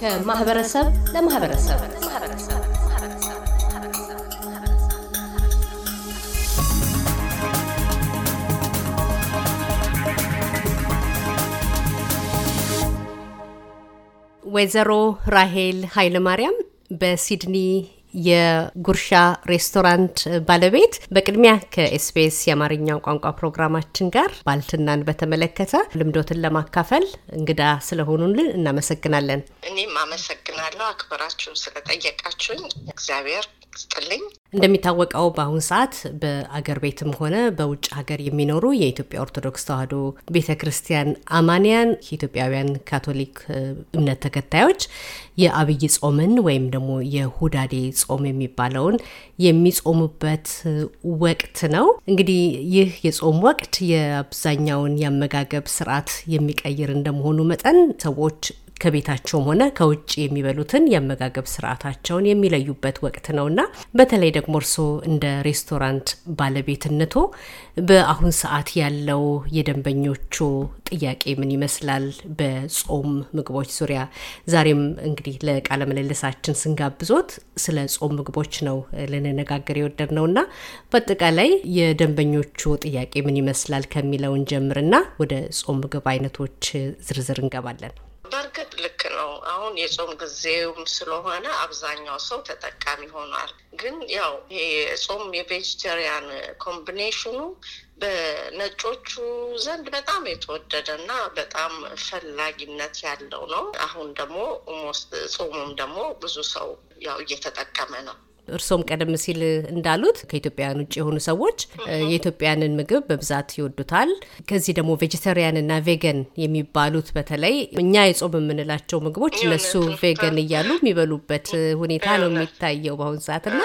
ከማህበረሰብ ለማህበረሰብ ወይዘሮ ራሄል ኃይለማርያም በሲድኒ የጉርሻ ሬስቶራንት ባለቤት፣ በቅድሚያ ከኤስቢኤስ የአማርኛው ቋንቋ ፕሮግራማችን ጋር ባልትናን በተመለከተ ልምዶትን ለማካፈል እንግዳ ስለሆኑልን እናመሰግናለን። እኔም አመሰግናለሁ አክብራችሁን ስለጠየቃችሁኝ እግዚአብሔር ስጥልኝ። እንደሚታወቀው በአሁን ሰዓት በአገር ቤትም ሆነ በውጭ ሀገር የሚኖሩ የኢትዮጵያ ኦርቶዶክስ ተዋህዶ ቤተ ክርስቲያን አማንያን የኢትዮጵያውያን ካቶሊክ እምነት ተከታዮች የአብይ ጾምን ወይም ደግሞ የሁዳዴ ጾም የሚባለውን የሚጾሙበት ወቅት ነው። እንግዲህ ይህ የጾም ወቅት የአብዛኛውን የአመጋገብ ስርዓት የሚቀይር እንደመሆኑ መጠን ሰዎች ከቤታቸውም ሆነ ከውጭ የሚበሉትን የአመጋገብ ስርዓታቸውን የሚለዩበት ወቅት ነውና በተለይ ደግሞ እርስዎ እንደ ሬስቶራንት ባለቤትነቶ በአሁን ሰዓት ያለው የደንበኞቹ ጥያቄ ምን ይመስላል? በጾም ምግቦች ዙሪያ ዛሬም እንግዲህ ለቃለ ምልልሳችን ስንጋብዞት ስለ ጾም ምግቦች ነው ልንነጋገር የወደድ እና በአጠቃላይ የደንበኞቹ ጥያቄ ምን ይመስላል ከሚለውን ጀምርና ወደ ጾም ምግብ አይነቶች ዝርዝር እንገባለን። በእርግጥ ልክ ነው። አሁን የጾም ጊዜውም ስለሆነ አብዛኛው ሰው ተጠቃሚ ሆኗል። ግን ያው የጾም የቬጅቴሪያን ኮምቢኔሽኑ በነጮቹ ዘንድ በጣም የተወደደ እና በጣም ፈላጊነት ያለው ነው። አሁን ደግሞ ኦልሞስት ጾሙም ደግሞ ብዙ ሰው ያው እየተጠቀመ ነው። እርሶም ቀደም ሲል እንዳሉት ከኢትዮጵያውያን ውጭ የሆኑ ሰዎች የኢትዮጵያንን ምግብ በብዛት ይወዱታል። ከዚህ ደግሞ እና ቬገን የሚባሉት በተለይ እኛ የጾም የምንላቸው ምግቦች እነሱ ቬገን እያሉ የሚበሉበት ሁኔታ ነው የሚታየው በአሁኑ ሰዓት እና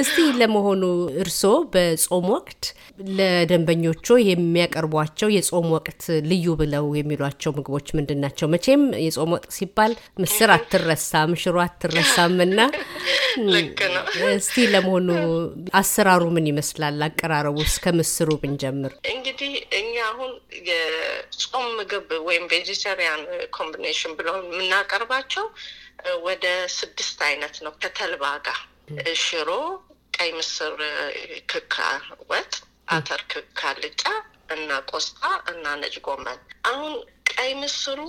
እስቲ ለመሆኑ እርሶ በጾም ወቅት ለደንበኞቹ የሚያቀርቧቸው የጾም ወቅት ልዩ ብለው የሚሏቸው ምግቦች ምንድን ናቸው? መቼም የጾም ወቅት ሲባል ምስር አትረሳም፣ ሽሮ አትረሳም እና ልክ ነው እስቲ ለመሆኑ አሰራሩ ምን ይመስላል? አቀራረቡ እስከ ምስሩ ብንጀምር። እንግዲህ እኛ አሁን የጾም ምግብ ወይም ቬጂተሪያን ኮምቢኔሽን ብለው የምናቀርባቸው ወደ ስድስት አይነት ነው ከተልባ ጋር ሽሮ፣ ቀይ ምስር ክካ ወጥ፣ አተር ክካ ልጫ እና ቆስጣ እና ነጭ ጎመን። አሁን ቀይ ምስሩ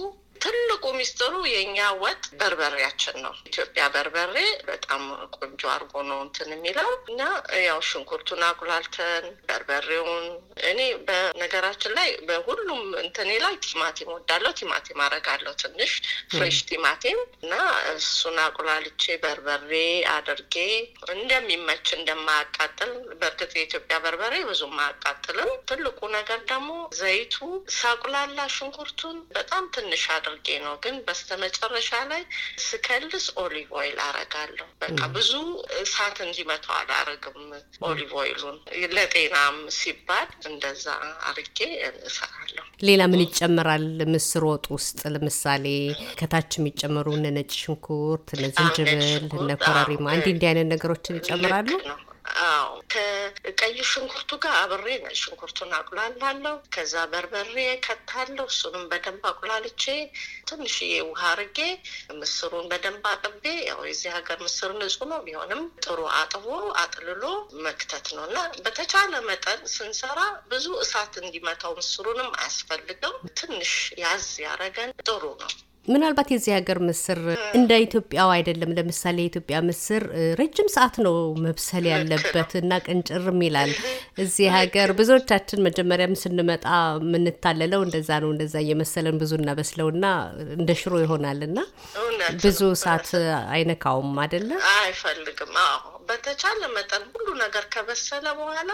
ትልቁ ሚስጥሩ የእኛ ወጥ በርበሬያችን ነው። ኢትዮጵያ በርበሬ በጣም ቆንጆ አድርጎ ነው እንትን የሚለው እና ያው ሽንኩርቱን አቁላልተን በርበሬውን እኔ በነገራችን ላይ በሁሉም እንትኔ ላይ ቲማቲም ወዳለው ቲማቲም አረጋለው ትንሽ ፍሬሽ ቲማቲም እና እሱን አቁላልቼ በርበሬ አድርጌ እንደሚመች እንደማያቃጥል በእርግጥ የኢትዮጵያ በርበሬ ብዙም አያቃጥልም። ትልቁ ነገር ደግሞ ዘይቱ ሳቁላላ ሽንኩርቱን በጣም ትንሽ አድ አድርጌ ነው። ግን በስተመጨረሻ ላይ ስከልስ ኦሊቭ ኦይል አረጋለሁ። በቃ ብዙ እሳት እንዲመታው አላረግም። ኦሊቭ ኦይሉን ለጤናም ሲባል እንደዛ አርጌ እሰራለሁ። ሌላ ምን ይጨመራል ምስር ወጥ ውስጥ? ለምሳሌ ከታች የሚጨመሩ እነ ነጭ ሽንኩርት፣ እነ ዝንጅብል፣ እነ ኮረሪማ እንዲህ እንዲህ አይነት ነገሮችን ይጨምራሉ። አዎ ከቀይ ሽንኩርቱ ጋር አብሬ ሽንኩርቱን አቁላላለሁ። ከዛ በርበሬ ከታለሁ። እሱንም በደንብ አቁላልቼ ትንሽዬ ውሃ አርጌ ምስሩን በደንብ አጥቤ፣ ያው የዚህ ሀገር ምስር ንጹ ነው ቢሆንም ጥሩ አጥቦ አጥልሎ መክተት ነው እና በተቻለ መጠን ስንሰራ ብዙ እሳት እንዲመታው ምስሩንም አያስፈልገው። ትንሽ ያዝ ያረገን ጥሩ ነው። ምናልባት የዚህ ሀገር ምስር እንደ ኢትዮጵያው አይደለም። ለምሳሌ የኢትዮጵያ ምስር ረጅም ሰዓት ነው መብሰል ያለበት እና ቅንጭርም ይላል። እዚህ ሀገር ብዙዎቻችን መጀመሪያም ስንመጣ የምንታለለው እንደዛ ነው። እንደዛ እየመሰለን ብዙ እናበስለውና እንደ ሽሮ ይሆናል እና ብዙ እሳት አይነካውም አይደለም አይፈልግም። አዎ በተቻለ መጠን ሁሉ ነገር ከበሰለ በኋላ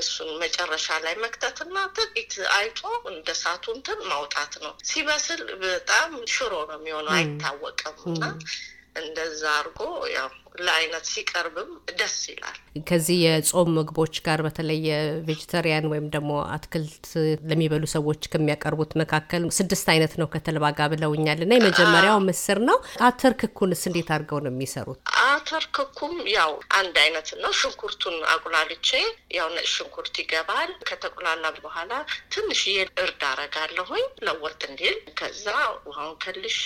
እሱን መጨረሻ ላይ መክተትና ጥቂት አይቶ እንደ እሳቱ እንትን ማውጣት ነው። ሲበስል በጣም ሽሮ ነው የሚሆነው፣ አይታወቅም እና እንደዛ አድርጎ ያው ለአይነት ሲቀርብም ደስ ይላል። ከዚህ የጾም ምግቦች ጋር በተለይ ቬጅተሪያን ወይም ደግሞ አትክልት ለሚበሉ ሰዎች ከሚያቀርቡት መካከል ስድስት አይነት ነው ከተልባ ጋር ብለውኛል እና የመጀመሪያው ምስር ነው። አተር ክኩንስ እንዴት አድርገው ነው የሚሰሩት? አተር ክኩም ያው አንድ አይነት ነው። ሽንኩርቱን አቁላልቼ ያው ነጭ ሽንኩርት ይገባል። ከተቁላላ በኋላ ትንሽዬ እርድ አረጋለሁኝ ለወጥ እንዲል። ከዛ ውሃውን ከልሼ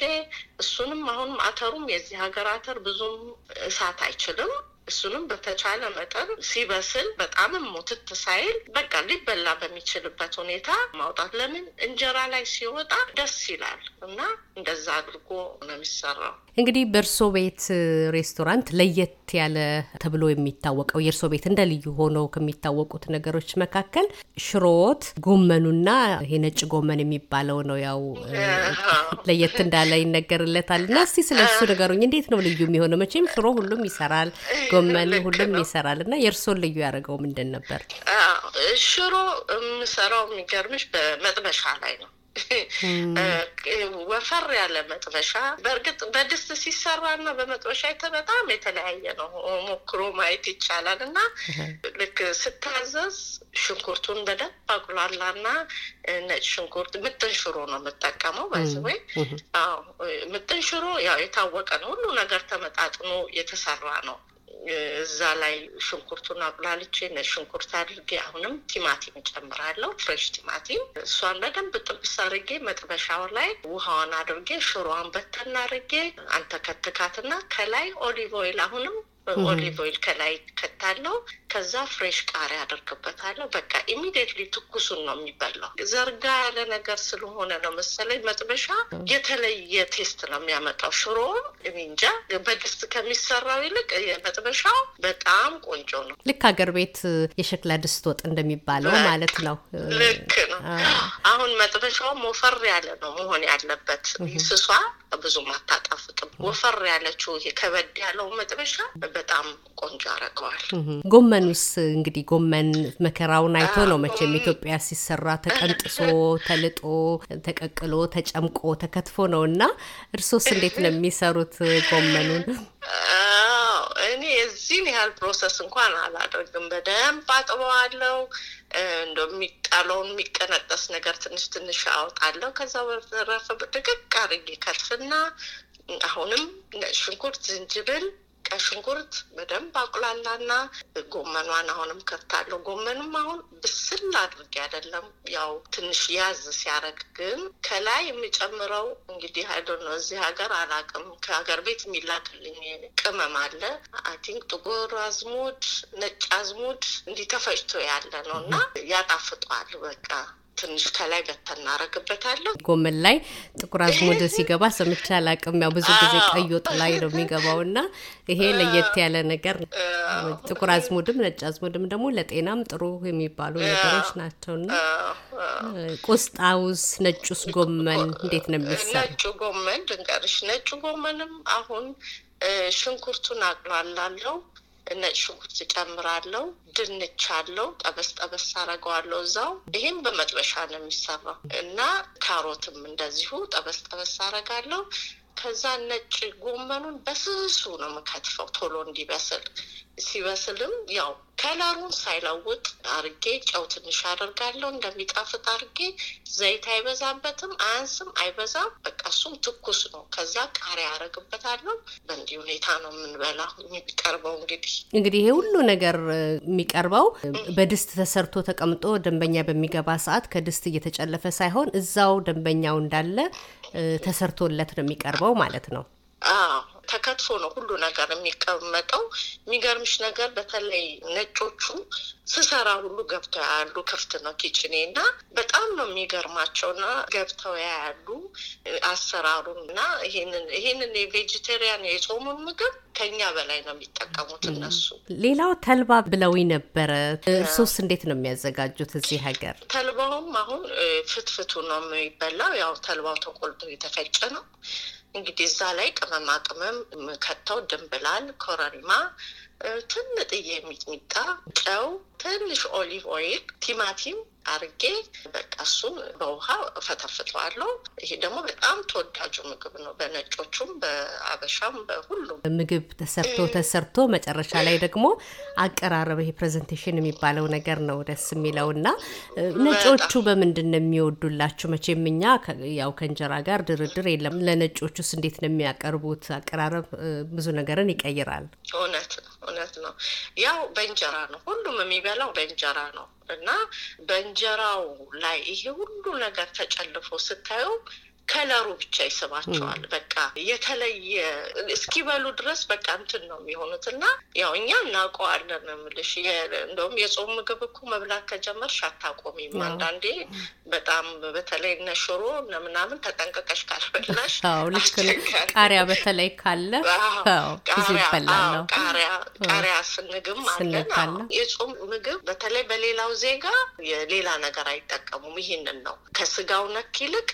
እሱንም አሁንም አተሩም የዚህ ሀገር አተር ብዙም መሳት አይችልም። እሱንም በተቻለ መጠን ሲበስል በጣም ሞትት ሳይል በቃ ሊበላ በሚችልበት ሁኔታ ማውጣት። ለምን እንጀራ ላይ ሲወጣ ደስ ይላል እና እንደዛ አድርጎ ነው የሚሰራው። እንግዲህ በእርሶ ቤት ሬስቶራንት ለየት ያለ ተብሎ የሚታወቀው የእርሶ ቤት እንደ ልዩ ሆኖ ከሚታወቁት ነገሮች መካከል ሽሮዎት፣ ጎመኑና ይሄ ነጭ ጎመን የሚባለው ነው። ያው ለየት እንዳለ ይነገርለታል እና እስቲ ስለ እሱ ነገሩኝ። እንዴት ነው ልዩ የሚሆነው? መቼም ሽሮ ሁሉም ይሰራል፣ ጎመን ሁሉም ይሰራል እና የእርሶን ልዩ ያደረገው ምንድን ነበር? ሽሮ የምሰራው የሚገርምሽ በመጥበሻ ላይ ነው ወፈር ያለ መጥበሻ በእርግጥ በድስት ሲሰራ እና በመጥበሻ በጣም የተለያየ ነው። ሞክሮ ማየት ይቻላል እና ልክ ስታዘዝ ሽንኩርቱን በደንብ አቁላላ እና ነጭ ሽንኩርት ምጥን ሽሮ ነው የምጠቀመው። ባይዘዌ ምጥን ሽሮ ያው የታወቀ ነው። ሁሉ ነገር ተመጣጥኖ የተሰራ ነው። እዛ ላይ ሽንኩርቱን አቁላልቼ ሽንኩርት አድርጌ አሁንም ቲማቲም ጨምራለሁ፣ ፍሬሽ ቲማቲም። እሷን በደንብ ጥብስ አድርጌ መጥበሻው ላይ ውሃዋን አድርጌ ሽሮዋን በተን አድርጌ አንተከትካትና ከላይ ኦሊቭ ኦይል አሁንም ኦሊቭ ኦይል ከላይ ከታለው ከዛ ፍሬሽ ቃሪያ አደርግበታለሁ። በቃ ኢሚዲየትሊ ትኩሱን ነው የሚበላው። ዘርጋ ያለ ነገር ስለሆነ ነው መሰለኝ መጥበሻ የተለየ ቴስት ነው የሚያመጣው። ሽሮ እንጃ በድስት ከሚሰራው ይልቅ መጥበሻው በጣም ቆንጆ ነው። ልክ አገር ቤት የሸክላ ድስት ወጥ እንደሚባለው ማለት ነው። ልክ ነው። አሁን መጥበሻው ወፈር ያለ ነው መሆን ያለበት። ስሷ ብዙም አታጣፍጥም። ወፈር ያለችው ከበድ ያለው መጥበሻ በጣም ቆንጆ ያረገዋል። ጎመን ጎመኑስ እንግዲህ ጎመን መከራውን አይቶ ነው መቼም ኢትዮጵያ ሲሰራ ተቀንጥሶ ተልጦ ተቀቅሎ ተጨምቆ ተከትፎ ነው እና እርሶስ እንዴት ነው የሚሰሩት ጎመኑን? እኔ የዚህን ያህል ፕሮሰስ እንኳን አላደርግም። በደንብ አጥበዋለው። እንደ የሚጣለውን የሚቀነጠስ ነገር ትንሽ ትንሽ አወጣለሁ። ከዛ በተረፈ ድቅቅ አርጌ ከርፍና አሁንም ሽንኩርት፣ ዝንጅብል ቀይ ሽንኩርት በደንብ አቁላላና ጎመኗን አሁንም ከታለሁ። ጎመንም አሁን ብስል አድርጌ አይደለም ያው ትንሽ ያዝ ሲያደርግ ግን ከላይ የሚጨምረው እንግዲህ አይዶ ነው። እዚህ ሀገር አላቅም። ከሀገር ቤት የሚላክልኝ ቅመም አለ። አይ ጥቁር አዝሙድ፣ ነጭ አዝሙድ እንዲህ ተፈጭቶ ያለ ነው እና ያጣፍጧል በቃ ትንሽ ከላይ በተናረግበታለሁ። ጎመን ላይ ጥቁር አዝሙድ ሲገባ ሰምቼ አላቅም። ያው ብዙ ጊዜ ቀይ ወጥ ላይ ነው የሚገባው እና ይሄ ለየት ያለ ነገር ጥቁር አዝሙድም ነጭ አዝሙድም ደግሞ ለጤናም ጥሩ የሚባሉ ነገሮች ናቸውና ቆስጣውስ፣ ነጩስ ጎመን እንዴት ነው የሚሰራው? ነጩ ጎመን ልንገርሽ፣ ነጩ ጎመንም አሁን ሽንኩርቱን አቅላላለሁ ነጭ ሽንኩርት ጨምራለው፣ ድንች አለው፣ ጠበስ ጠበስ አረገዋለው እዛው። ይህም በመጥበሻ ነው የሚሰራው እና ካሮትም እንደዚሁ ጠበስ ጠበስ አረጋለው። ከዛ ነጭ ጎመኑን በስሱ ነው የምከትፈው ቶሎ እንዲበስል። ሲበስልም ያው ከለሩን ሳይለውጥ አርጌ ጨው ትንሽ አደርጋለሁ እንደሚጣፍጥ አርጌ ዘይት አይበዛበትም፣ አያንስም፣ አይበዛም። በቃ እሱም ትኩስ ነው። ከዛ ቃሪያ አረግበታለሁ። በእንዲህ ሁኔታ ነው የምንበላው የሚቀርበው። እንግዲህ እንግዲህ ይሄ ሁሉ ነገር የሚቀርበው በድስት ተሰርቶ ተቀምጦ ደንበኛ በሚገባ ሰዓት ከድስት እየተጨለፈ ሳይሆን እዛው ደንበኛው እንዳለ ተሰርቶለት ነው የሚቀርበው ማለት ነው። ተከትፎ ነው ሁሉ ነገር የሚቀመጠው። የሚገርምሽ ነገር በተለይ ነጮቹ ስሰራ ሁሉ ገብተው ያሉ ክፍት ነው ኪችኔ እና በጣም ነው የሚገርማቸው እና ገብተው ያሉ አሰራሩን እና ይህንን ይህንን የጾሙን ምግብ ከኛ በላይ ነው የሚጠቀሙት እነሱ። ሌላው ተልባ ብለው ነበረ። እርሶስ እንዴት ነው የሚያዘጋጁት እዚህ ሀገር? ተልባውም አሁን ፍትፍቱ ነው የሚበላው። ያው ተልባው ተቆልቶ የተፈጨ ነው። እንግዲህ እዛ ላይ ቅመማ ቅመም ከተው ድንብላል፣ ኮረሪማ፣ ትንጥዬ ሚጥሚጣ፣ ጨው፣ ትንሽ ኦሊቭ ኦይል፣ ቲማቲም አርጌ በቃ እሱ በውሃ ፈታፍጠዋለሁ። ይሄ ደግሞ በጣም ተወዳጁ ምግብ ነው፣ በነጮቹም በአበሻም በሁሉም ምግብ ተሰርቶ ተሰርቶ መጨረሻ ላይ ደግሞ አቀራረብ ይሄ ፕሬዘንቴሽን የሚባለው ነገር ነው ደስ የሚለው እና ነጮቹ በምንድን ነው የሚወዱላችሁ? መቼም እኛ ያው ከእንጀራ ጋር ድርድር የለም። ለነጮቹስ እንዴት ነው የሚያቀርቡት? አቀራረብ ብዙ ነገርን ይቀይራል። እውነት እውነት ነው። ያው በእንጀራ ነው፣ ሁሉም የሚበላው በእንጀራ ነው። እና በእንጀራው ላይ ይሄ ሁሉ ነገር ተጨልፎ ስታየው ከለሩ ብቻ ይስባቸዋል። በቃ የተለየ እስኪበሉ ድረስ በቃ እንትን ነው የሚሆኑት እና ያው እኛ እናውቀዋለን ምልሽ እንደውም የጾም ምግብ እኮ መብላት ከጀመርሽ አታቆሚም። አንዳንዴ በጣም በተለይ እነ ሽሮ እነ ምናምን ተጠንቀቀሽ ካልበላሽ ልክ ቃሪያ በተለይ ካለ ቃሪያ ቃሪያ ስንግም አለን። የጾም ምግብ በተለይ በሌላው ዜጋ የሌላ ነገር አይጠቀሙም። ይህንን ነው ከስጋው ነክ ይልቅ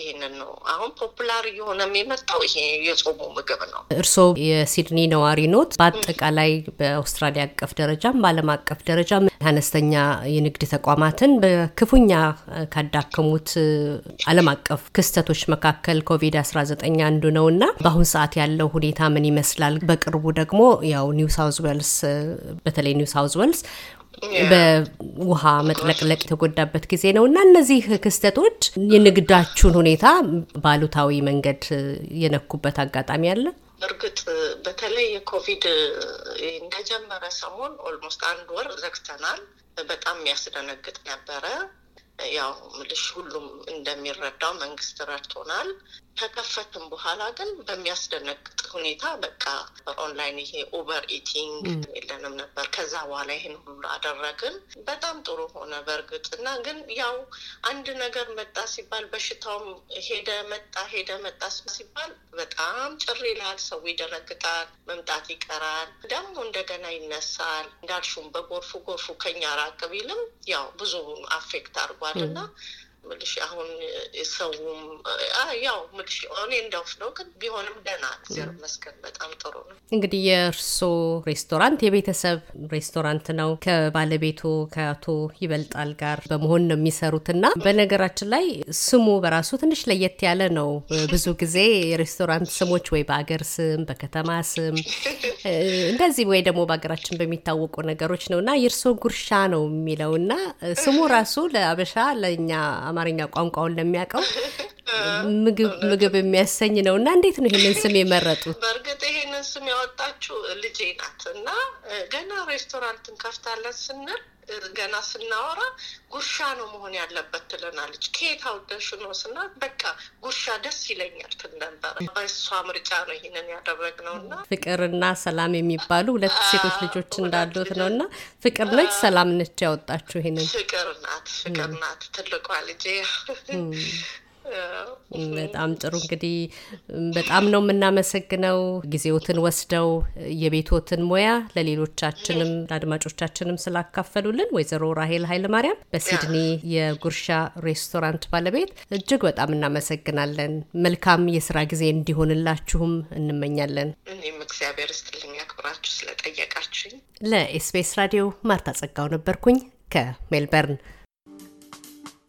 ይህንን ነው። አሁን ፖፑላር እየሆነ የመጣው ይሄ የጾሙ ምግብ ነው። እርስዎ የሲድኒ ነዋሪ ኖት። በአጠቃላይ በአውስትራሊያ አቀፍ ደረጃም በዓለም አቀፍ ደረጃም አነስተኛ የንግድ ተቋማትን በክፉኛ ካዳከሙት ዓለም አቀፍ ክስተቶች መካከል ኮቪድ 19 አንዱ ነው እና በአሁን ሰዓት ያለው ሁኔታ ምን ይመስላል? በቅርቡ ደግሞ ያው ኒው ሳውዝ ዌልስ በተለይ ኒው ሳውዝ ዌልስ በውሃ መጥለቅለቅ የተጎዳበት ጊዜ ነው እና እነዚህ ክስተቶች የንግዳችሁን ሁኔታ ባሉታዊ መንገድ የነኩበት አጋጣሚ አለ? እርግጥ በተለይ የኮቪድ እንደጀመረ ሰሞን ኦልሞስት አንድ ወር ዘግተናል። በጣም የሚያስደነግጥ ነበረ። ያው ምልሽ ሁሉም እንደሚረዳው መንግስት ረድቶናል። ከከፈትም በኋላ ግን በሚያስደነግጥ ሁኔታ በቃ ኦንላይን ይሄ ኦቨር ኢቲንግ የለንም ነበር። ከዛ በኋላ ይህን ሁሉ አደረግን። በጣም ጥሩ ሆነ በእርግጥ እና ግን ያው አንድ ነገር መጣ ሲባል በሽታውም ሄደ መጣ ሄደ መጣ ሲባል በጣም ጭር ይላል። ሰው ይደነግጣል። መምጣት ይቀራል፣ ደግሞ እንደገና ይነሳል። እንዳልሹም በጎርፉ ጎርፉ ከኛ ራቅ ቢልም ያው ብዙ አፌክት አርጓል። 完了。ምልሽ አሁን ሰውም ያው ምልሽ እኔ እንዳውስ ነው፣ ግን ቢሆንም ደህና እግዚአብሔር ይመስገን በጣም ጥሩ ነው። እንግዲህ የእርሶ ሬስቶራንት የቤተሰብ ሬስቶራንት ነው። ከባለቤቱ ከአቶ ይበልጣል ጋር በመሆን ነው የሚሰሩት ና በነገራችን ላይ ስሙ በራሱ ትንሽ ለየት ያለ ነው። ብዙ ጊዜ የሬስቶራንት ስሞች ወይ በአገር ስም፣ በከተማ ስም እንደዚህ ወይ ደግሞ በሀገራችን በሚታወቁ ነገሮች ነው እና የእርስዎ ጉርሻ ነው የሚለው እና ስሙ ራሱ ለአበሻ ለእኛ አማርኛ ቋንቋውን ለሚያውቀው ምግብ ምግብ የሚያሰኝ ነው እና እንዴት ነው ይህንን ስም የመረጡት? ስም ያወጣችው ልጄ ናት እና ገና ሬስቶራንት እንከፍታለን ስንል ገና ስናወራ ጉርሻ ነው መሆን ያለበት ትለናለች። ከየት አውደሽ ነው ስና በቃ ጉርሻ ደስ ይለኛል ትል ነበረ። በእሷ ምርጫ ነው ይህንን ያደረግነው እና ፍቅርና ሰላም የሚባሉ ሁለት ሴቶች ልጆች እንዳሉት ነው እና ፍቅር ነች ሰላም ነች ያወጣችሁ ይሄንን? ፍቅር ናት፣ ፍቅር ናት ትልቋ ልጄ በጣም ጥሩ እንግዲህ በጣም ነው የምናመሰግነው። ጊዜዎትን ወስደው የቤቶትን ሙያ ለሌሎቻችንም ለአድማጮቻችንም ስላካፈሉልን ወይዘሮ ራሄል ኃይለማርያም በሲድኒ የጉርሻ ሬስቶራንት ባለቤት እጅግ በጣም እናመሰግናለን። መልካም የስራ ጊዜ እንዲሆንላችሁም እንመኛለን። እኔም እግዚአብሔር ስትልኝ አክብራችሁ ስለጠየቃችሁኝ። ለኤስቢኤስ ራዲዮ ማርታ ጸጋው ነበርኩኝ ከሜልበርን